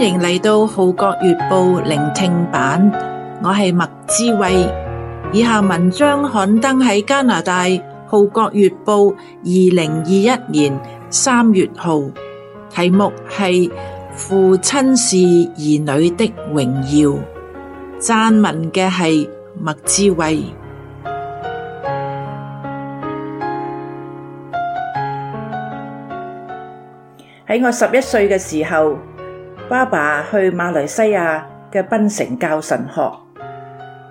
歡迎嚟到《浩國月報》聆聽版，我係麥之慧。以下文章刊登喺加拿大《浩國月報》二零二一年三月號，題目係《父親是兒女的榮耀》，撰文嘅係麥之慧。喺我十一歲嘅時候。爸爸去馬來西亞嘅檳城教神學，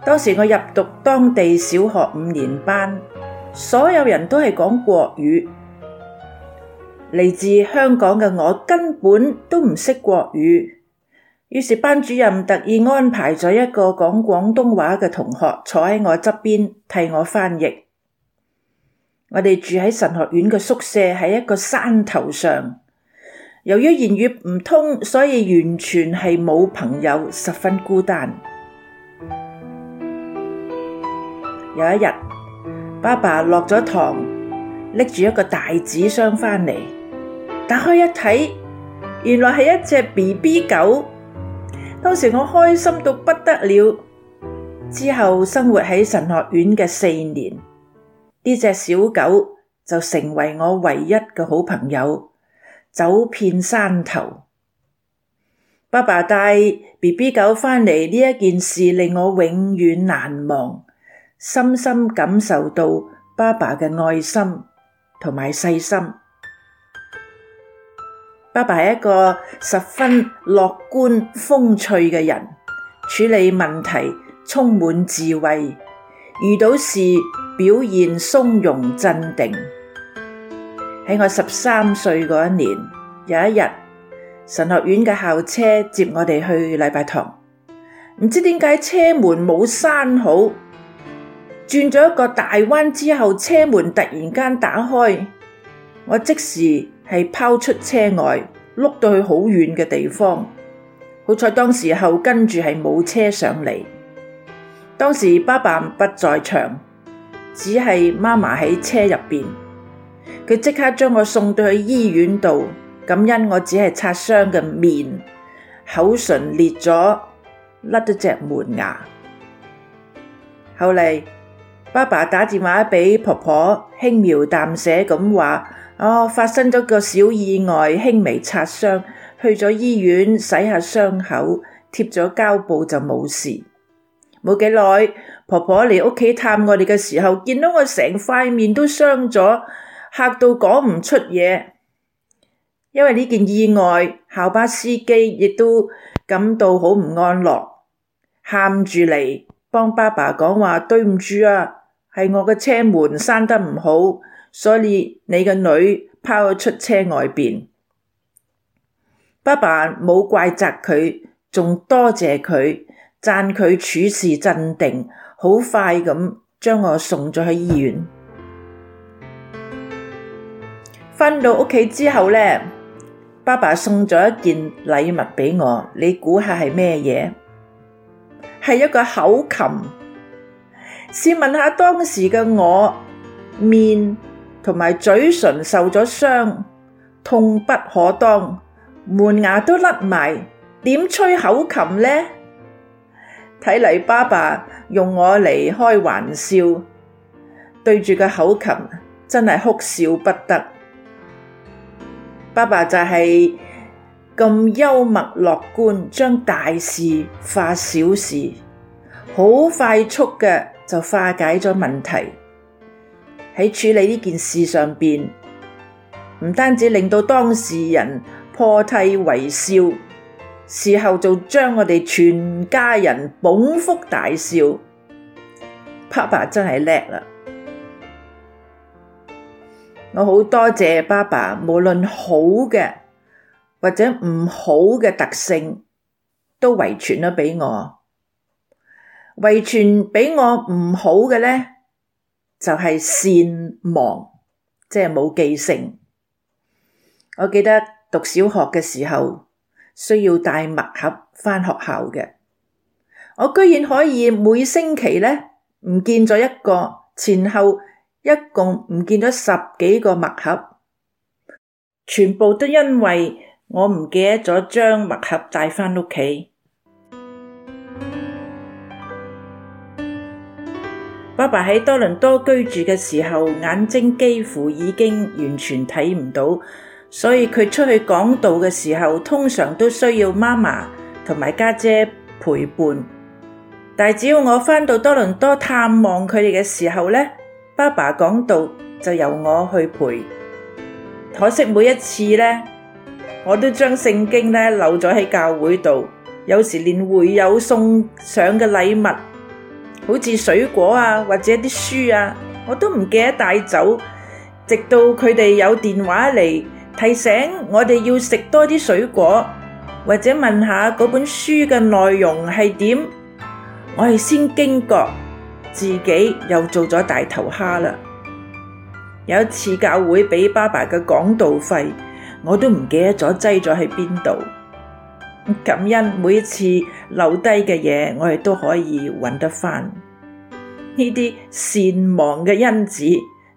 當時我入讀當地小學五年班，所有人都係講國語，嚟自香港嘅我根本都唔識國語，於是班主任特意安排咗一個講廣東話嘅同學坐喺我側邊，替我翻譯。我哋住喺神學院嘅宿舍，喺一個山頭上。由於言語唔通，所以完全係冇朋友，十分孤單。有一日，爸爸落咗堂，拎住一個大紙箱返嚟，打開一睇，原來係一隻 BB 狗。當時我開心到不得了。之後生活喺神學院嘅四年，呢隻小狗就成為我唯一嘅好朋友。走遍山頭，爸爸帶 BB 狗返嚟呢一件事，令我永遠難忘，深深感受到爸爸嘅愛心同埋細心。爸爸係一個十分樂觀、風趣嘅人，處理問題充滿智慧，遇到事表現從容鎮定。喺我十三歲嗰一年，有一日，神學院嘅校車接我哋去禮拜堂，唔知點解車門冇閂好，轉咗一個大彎之後，車門突然間打開，我即時係拋出車外，碌到去好遠嘅地方。好彩當時候跟住係冇車上嚟，當時爸爸不在場，只係媽媽喺車入邊。佢即刻將我送到去醫院度，感恩我只係擦傷嘅面，口唇裂咗，甩咗隻門牙。後嚟，爸爸打電話俾婆婆，輕描淡寫咁話：我、哦、發生咗個小意外，輕微擦傷，去咗醫院洗下傷口，貼咗膠布就冇事。冇幾耐，婆婆嚟屋企探我哋嘅時候，見到我成塊面都傷咗。嚇到講唔出嘢。因為呢件意外，校巴司機亦都感到好唔安樂，喊住嚟幫爸爸講話，對唔住啊，係我嘅車門閂得唔好，所以你嘅女拋咗出車外邊。爸爸冇怪責佢，仲多謝佢，讚佢處事鎮定，好快咁將我送咗去醫院。返到屋企之後咧，爸爸送咗一件禮物俾我，你估下係咩嘢？係一個口琴。試問下當時嘅我，面同埋嘴唇受咗傷，痛不可當，門牙都甩埋，點吹口琴咧？睇嚟爸爸用我嚟開玩笑，對住個口琴真係哭笑不得。爸爸就係咁幽默樂觀，將大事化小事，好快速嘅就化解咗問題。喺處理呢件事上邊，唔單止令到當事人破涕為笑，事後仲將我哋全家人捧腹大笑。爸爸真係叻啦！我好多謝爸爸，無論好嘅，或者唔好嘅特性，都遺傳咗俾我。遺傳俾我唔好嘅咧，就係、是、善忘，即係冇記性。我記得讀小學嘅時候，需要帶墨盒返學校嘅，我居然可以每星期咧，唔見咗一個前後。一共唔見咗十幾個墨盒，全部都因為我唔記得咗將墨盒帶返屋企。爸爸喺多倫多居住嘅時候，眼睛幾乎已經完全睇唔到，所以佢出去講道嘅時候，通常都需要媽媽同埋家姐陪伴。但只要我返到多倫多探望佢哋嘅時候呢。爸爸講道就由我去陪，可惜每一次呢，我都將聖經呢留咗喺教會度，有時連會友送上嘅禮物，好似水果啊或者啲書啊，我都唔記得帶走，直到佢哋有電話嚟提醒我哋要食多啲水果，或者問下嗰本書嘅內容係點，我係先驚覺。自己又做咗大頭蝦啦！有一次教會畀爸爸嘅講道費，我都唔記得咗，擠咗喺邊度。感恩每一次留低嘅嘢，我哋都可以搵得翻。呢啲善忘嘅因子，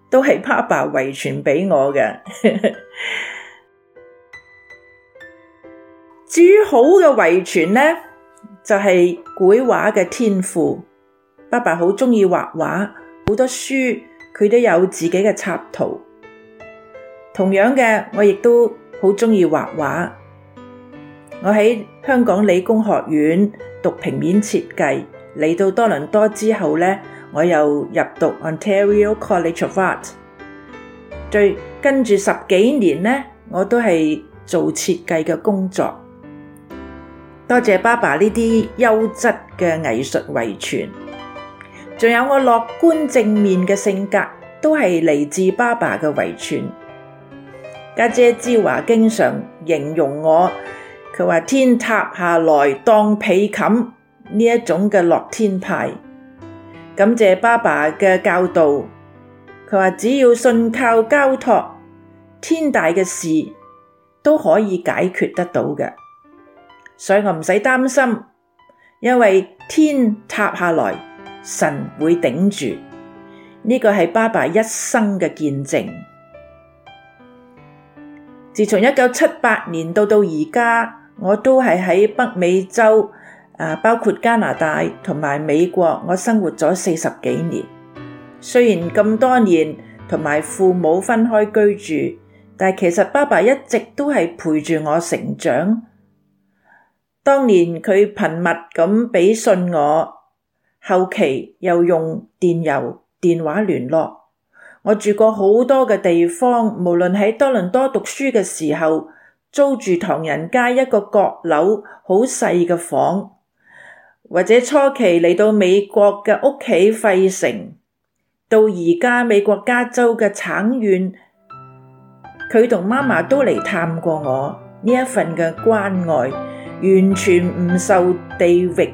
都係爸爸遺傳俾我嘅。 至於好嘅遺傳呢，就係、是、繪畫嘅天賦。爸爸好鍾意畫畫，好多書佢都有自己嘅插圖。同樣嘅，我亦都好鍾意畫畫。我喺香港理工學院讀平面設計，嚟到多倫多之後咧，我又入讀 Ontario College of Art 最。最跟住十幾年咧，我都係做設計嘅工作。多謝爸爸呢啲優質嘅藝術遺傳。仲有我樂觀正面嘅性格，都係嚟自爸爸嘅遺傳。家姐芝華經常形容我，佢話天塌下來當被冚呢一種嘅樂天派。感謝爸爸嘅教導，佢話只要信靠交託，天大嘅事都可以解決得到嘅，所以我唔使擔心，因為天塌下來，神會頂住，呢個係爸爸一生嘅見證。自從一九七八年到到而家，我都係喺北美洲，啊，包括加拿大同埋美國，我生活咗四十幾年。雖然咁多年同埋父母分開居住，但其實爸爸一直都係陪住我成長。當年佢頻密咁俾信我。後期又用電郵、電話聯絡。我住過好多嘅地方，無論喺多倫多讀書嘅時候，租住唐人街一個閣樓好細嘅房，或者初期嚟到美國嘅屋企費城，到而家美國加州嘅橙縣，佢同媽媽都嚟探過我。呢一份嘅關愛，完全唔受地域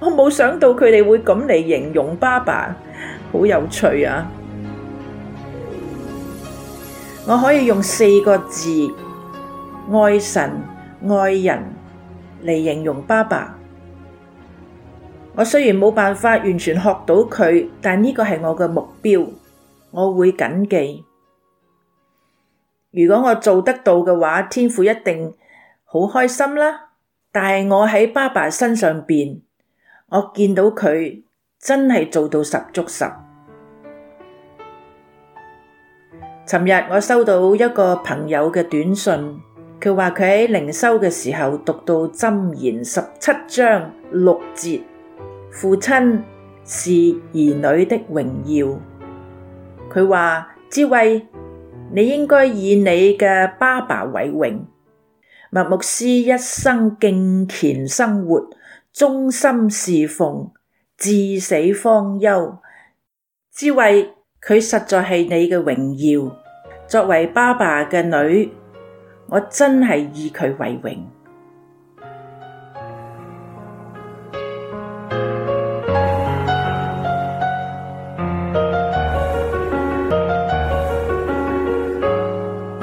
我冇想到佢哋會咁嚟形容爸爸，好有趣啊！我可以用四個字愛神愛人嚟形容爸爸。我雖然冇辦法完全學到佢，但呢個係我嘅目標，我會謹記。如果我做得到嘅話，天父一定好開心啦！但係我喺爸爸身上邊。我見到佢真係做到十足十。尋日我收到一個朋友嘅短信，佢話佢喺靈修嘅時候讀到箴言十七章六節，父親是兒女的榮耀。佢話：智慧，你應該以你嘅爸爸為榮。麥牧師一生敬虔生活。忠心侍奉，至死方休，只為佢實在係你嘅榮耀。作為爸爸嘅女，我真係以佢為榮。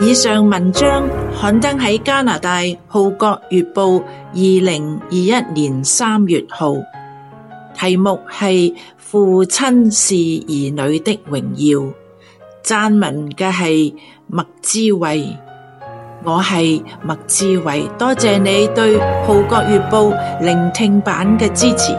以上文章刊登喺加拿大《號角月報》二零二一年三月號，題目係《父親是兒女的榮耀》，撰文嘅係麥志偉。我係麥志偉，多謝你對《號角月報》聆聽版嘅支持。